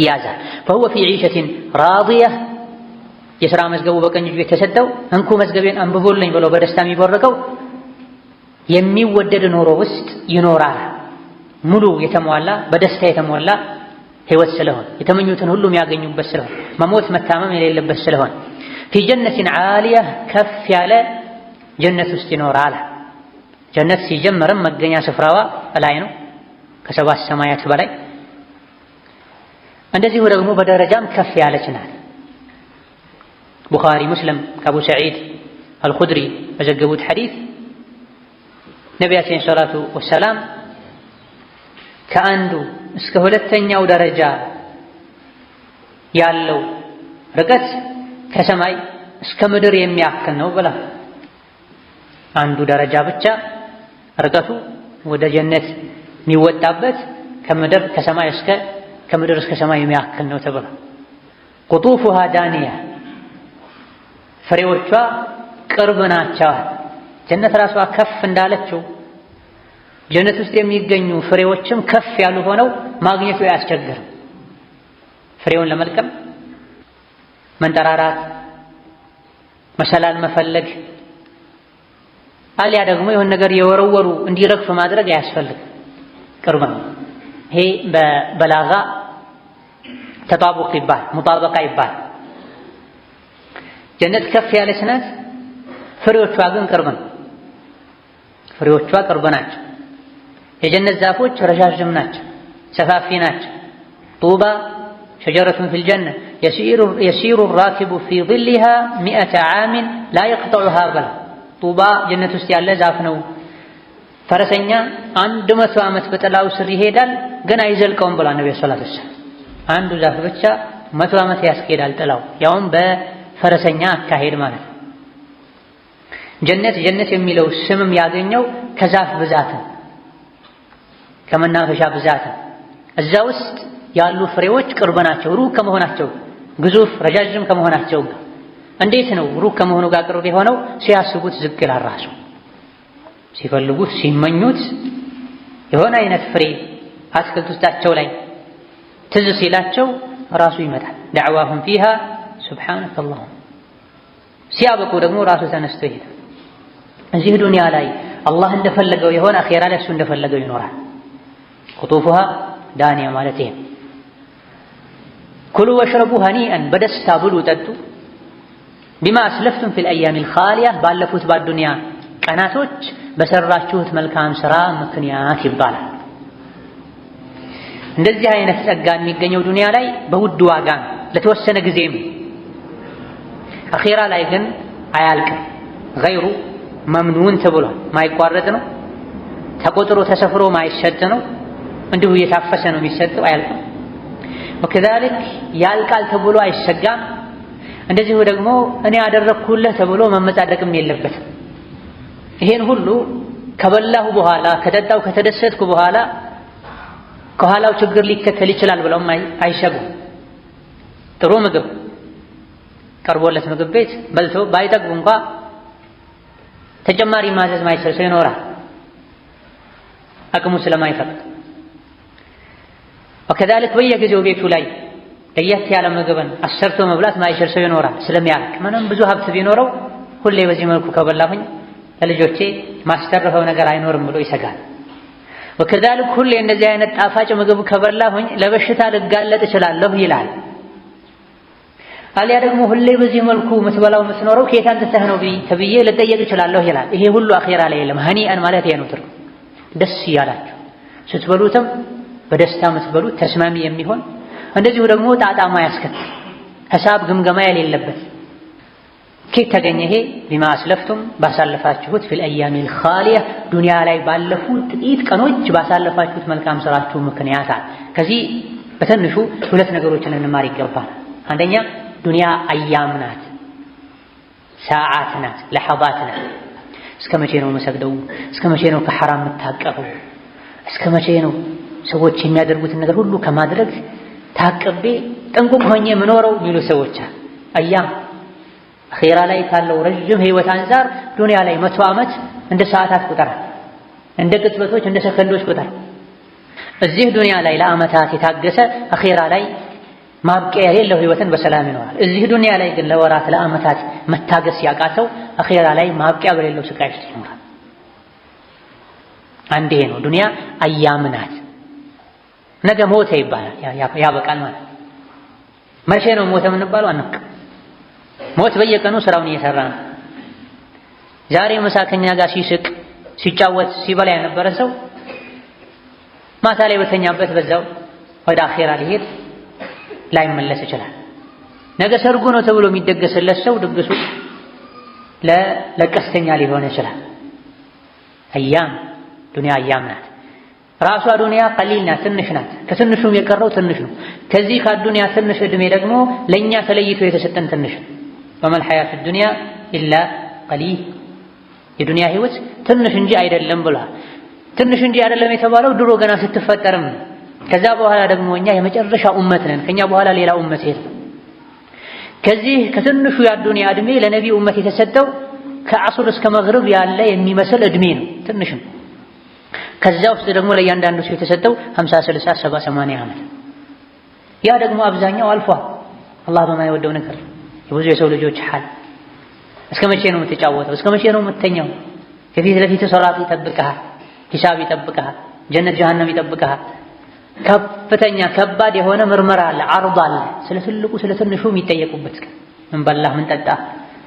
ይያዛል። ፈሁወ ፊ ዒሸትን ራዲያ የሥራ መዝገቡ በቀኝ እጁ የተሰጠው እንኩ መዝገቤን አንብቦልኝ ብሎ በደስታ የሚቦርቀው የሚወደድ ኑሮ ውስጥ ይኖራል። ሙሉ የተሟላ በደስታ የተሟላ ህይወት ስለሆን የተመኙትን ሁሉ የሚያገኙበት ስለሆን መሞት መታመም የሌለበት ስለሆን ፊ ጀነትን ዓሊያ ከፍ ያለ ጀነት ውስጥ ይኖራል። ጀነት ሲጀመርም መገኛ ስፍራዋ ላይ ነው፣ ከሰባት ሰማያት በላይ እንደዚሁ ደግሞ በደረጃም ከፍ ያለች ናት። ቡኻሪ ሙስሊም ከአቡ ሰዒድ አልኹድሪ በዘገቡት ሐዲስ ነቢያችን ሰላቱ ወሰላም ከአንዱ እስከ ሁለተኛው ደረጃ ያለው ርቀት ከሰማይ እስከ ምድር የሚያክል ነው ብላ አንዱ ደረጃ ብቻ ርቀቱ ወደ ጀነት የሚወጣበት ከምድር ከሰማይ እስከ ከምድር እስከ ሰማይ የሚያክል ነው ተብሏል። ቁጡፉሃ ዳንያ ፍሬዎቿ ቅርብ ናቸዋል። ጀነት ራሷ ከፍ እንዳለችው ጀነት ውስጥ የሚገኙ ፍሬዎችም ከፍ ያሉ ሆነው ማግኘቱ አያስቸግርም። ፍሬውን ለመልቀም መንጠራራት፣ መሰላል መፈለግ አሊያ ደግሞ የሆነ ነገር የወረወሩ እንዲረግፍ ማድረግ አያስፈልግም። ቅርብ ነው። ይሄ በበላጋ ተጣቡቅ ይባላል፣ ሙጣበቃ ይባላል። ጀነት ከፍ ያለች ናት፣ ፍሬዎቿ ግን ቅርብ ነው። ፍሬዎቿ ቅርብ ናቸው። የጀነት ዛፎች ረዣዥም ናቸው፣ ሰፋፊ ናቸው። ጡባ ሸጀረቱን ፊል ጀነ የሲሩ ራኪቡ ፊ ظልሃ ሚአተ ዓሚን ላ የቅጠዑሃ በላ ጡባ ጀነት ውስጥ ያለ ዛፍ ነው ፈረሰኛ አንድ መቶ ዓመት በጥላው ስር ይሄዳል፣ ግን አይዘልቀውም ብላ ነብዩ ሰለላሁ ዐለይሂ አንዱ ዛፍ ብቻ መቶ ዓመት ያስኬዳል ጥላው፣ ያውም በፈረሰኛ አካሄድ ማለት ነው። ጀነት ጀነት የሚለው ስምም ያገኘው ከዛፍ ብዛት ከመናፈሻ ብዛት እዛ ውስጥ ያሉ ፍሬዎች ቅርብ ናቸው ሩቅ ከመሆናቸው ግዙፍ ረጃጅም ከመሆናቸው እንዴት ነው ሩቅ ከመሆኑ ጋር ቅርብ የሆነው ሲያስቡት ዝቅ ራሱ ሲፈልጉት ሲመኙት የሆነ አይነት ፍሬ አትክልት ውስጣቸው ላይ ትዝ ሲላቸው ራሱ ይመጣል። ዳዕዋሁም ፊሃ ሱብሓነከ አላሁም ሲያበቁ ደግሞ ራሱ ተነስቶ ይሄዳል። እዚህ ዱንያ ላይ አላህ እንደፈለገው የሆነ አኼራ ላይ እሱ እንደፈለገው ይኖራል። ቁጡፉሃ ዳንያ ማለት ይሄ። ኩሉ ወሽረቡ ሀኒአን በደስታ ብሉ ጠጡ። ቢማ አስለፍቱም ፊል አያሚል ኻሊያ ባለፉት ባዱንያ ቀናቶች በሰራችሁት መልካም ስራ ምክንያት ይባላል። እንደዚህ አይነት ጸጋ የሚገኘው ዱንያ ላይ በውድ ዋጋ ለተወሰነ ጊዜም፣ አኼራ ላይ ግን አያልቅም። ገይሩ መምኑን ተብሏል። ማይቋረጥ ነው፣ ተቆጥሮ ተሰፍሮ ማይሸጥ ነው። እንዲሁ እየታፈሰ ነው የሚሰጠው፣ አያልቅም። ወከዛሊክ ያልቃል ተብሎ አይሰጋም። እንደዚሁ ደግሞ እኔ ያደረግኩልህ ተብሎ መመጻደቅም የለበትም። ይሄን ሁሉ ከበላሁ በኋላ ከጠጣው ከተደሰትኩ በኋላ ከኋላው ችግር ሊከተል ይችላል ብለውም አይሸጉ። ጥሩ ምግብ ቀርቦለት ምግብ ቤት በልቶ ባይጠግቡ እንኳ ተጨማሪ ማዘዝ ማይችል ሰው ይኖራል፣ አቅሙ ስለማይፈቅድ። ወከዛልክ በየጊዜው ቤቱ ላይ ለየት ያለ ምግብን አሰርቶ መብላት ማይችል ሰው ይኖራል ስለሚያልቅ። ምንም ብዙ ሀብት ቢኖረው ሁሌ በዚህ መልኩ ከበላሁኝ ለልጆቼ ማስተረፈው ነገር አይኖርም ብሎ ይሰጋል። ወከዛልክ ሁሌ እንደዚህ አይነት ጣፋጭ ምግብ ከበላሁኝ ለበሽታ ልጋለጥ እችላለሁ ይላል። አሊያ ደግሞ ሁሌ በዚህ መልኩ የምትበላው የምትኖረው ከየት አንስተህ ነው ተብዬ ልጠየቅ እችላለሁ ይላል። ይሄ ሁሉ አኼራ ላይ የለም። ሀኒአን ማለት ይሄ ነው። ደስ እያላችሁ ስትበሉትም በደስታ የምትበሉት ተስማሚ የሚሆን እንደዚሁ ደግሞ ጣጣማ ያስከትል ሐሳብ ግምገማ የሌለበት ኬት ተገኘ ይሄ ቢማ አስለፍቱም ባሳለፋችሁት ፊል አያሚ ኻሊያ ዱንያ ላይ ባለፉ ጥቂት ቀኖች ባሳለፋችሁት መልካም ስራችሁ ምክንያት አለ። ከዚህ በትንሹ ሁለት ነገሮችን እንማር ይገባል። አንደኛ ዱንያ አያም ናት፣ ሰዓት ናት፣ ለሐባት ናት። እስከ መቼ ነው መሰግደው? እስከ መቼ ነው ከሐራም የምታቀበው? እስከ መቼ ነው ሰዎች የሚያደርጉትን ነገር ሁሉ ከማድረግ ታቅቤ ጥንቁቅ ሆኜ የምኖረው የሚሉ ሰዎች አያም አኼራ ላይ ካለው ረዥም ህይወት አንፃር ዱንያ ላይ መቶ ዓመት እንደ ሰዓታት ቁጥር፣ እንደ ቅጽበቶች፣ እንደ ሰከንዶች ቁጥር። እዚህ ዱንያ ላይ ለዓመታት የታገሰ አኼራ ላይ ማብቂያ የሌለው ህይወትን በሰላም ይኖራል። እዚህ ዱንያ ላይ ግን ለወራት ለዓመታት መታገስ ያቃተው አኼራ ላይ ማብቂያ በሌለው ስቃይ ውስጥ ይኖራል። አንዴ ነው ዱንያ አያምናት። ነገ ሞተ ይባላል ያበቃል ማለት መቼ ነው ሞተ የምንባለው አንቅ ሞት በየቀኑ ስራውን እየሰራ ነው። ዛሬ ምሳ ከኛ ጋር ሲስቅ ሲጫወት ሲበላ የነበረ ሰው ማታ ላይ በተኛበት በዛው ወደ አኼራ ሊሄድ ላይመለስ ይችላል። ነገ ሰርጉ ነው ተብሎ የሚደገስለት ሰው ድግሱ ለቀስተኛ ሊሆን ይችላል። አያም ዱንያ አያም ናት። ራሷ ዱንያ ቀሊል ናት፣ ትንሽ ናት። ከትንሹም የቀረው ትንሽ ነው። ከዚህ ከዱንያ ትንሽ እድሜ ደግሞ ለእኛ ተለይቶ የተሰጠን ትንሽ ነው። ወመል ሐያቱ ዱንያ ኢላ ቀሊል የዱንያ ህይወት ትንሽ እንጂ አይደለም ብሏል። ትንሽ እንጂ አይደለም የተባለው ድሮ ገና ስትፈጠርም፣ ከዛ በኋላ ደግሞ እኛ የመጨረሻ ኡመት ነን። ከኛ በኋላ ሌላ ኡመት የለም። ከዚህ ከትንሹ የአዱንያ እድሜ ለነቢ ኡመት የተሰጠው ከአሱር እስከ መግሪብ ያለ የሚመስል እድሜ ነው። ትንሽም ከዛ ውስጥ ደግሞ ለእያንዳንዱ ሰው የተሰጠው 50፣ 60፣ 70፣ 80 ዓመት ያ ደግሞ አብዛኛው አልፏል አላህ በማይወደው ነገር የብዙ የሰው ልጆች ሐል እስከ መቼ ነው የምትጫወተው? እስከ መቼ ነው የምትተኛው? ከፊት ለፊት ሶላት ይጠብቅሃል፣ ሂሳብ ይጠብቅሃል፣ ጀነት ጀሃነም ይጠብቅሃል። ከፍተኛ ከባድ የሆነ ምርመራ አለ፣ አርድ አለ። ስለ ትልቁ ስለ ትንሹ የሚጠየቁበት ቀን። ምን በላህ? ምን ጠጣህ?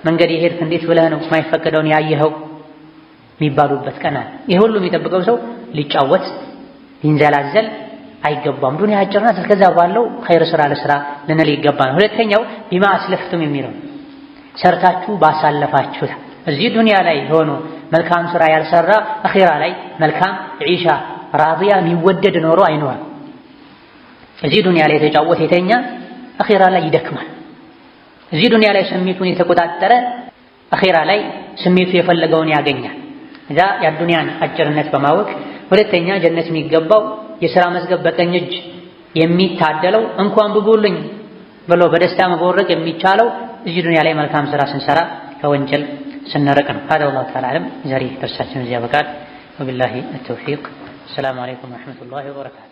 መንገድ የሄድክ እንዴት ብለህ ነው የማይፈቀደውን ያየኸው የሚባሉበት ቀን አለ። ይህ ሁሉ የሚጠብቀው ሰው ሊጫወት ሊንዘላዘል አይገባም። ዱንያ አጭር ናት። ባለው ኸይር ስራ ለስራ ልንል ይገባ ሁለተኛው ቢማ አስለፍቱም የሚለው ሰርታችሁ ባሳለፋችሁ እዚህ ዱንያ ላይ ሆኖ መልካም ስራ ያልሰራ አኺራ ላይ መልካም ዒሻ ራዲያ የሚወደድ ኖሮ አይኖርም። እዚህ ዱንያ ላይ የተጫወተ የተኛ አኺራ ላይ ይደክማል። እዚህ ዱንያ ላይ ስሜቱን የተቆጣጠረ አኺራ ላይ ስሜቱ የፈለገውን ያገኛል። እዛ ያ ዱንያን አጭርነት በማወቅ ሁለተኛ ጀነት የሚገባው የሥራ መዝገብ በቀኝ እጅ የሚታደለው እንኳን ብቡልኝ ብሎ በደስታ መቦረቅ የሚቻለው እዚህ ዱንያ ላይ መልካም ሥራ ስንሰራ ከወንጀል ስንርቅ ነው። ሀዳ ወላሁ ተዓላ አዕለም። የዛሬ ደርሳችን እዚህ ያበቃል። ወቢላሂ ተውፊቅ። ሰላም አለይኩም ወረሕመቱላሂ ወበረካቱ።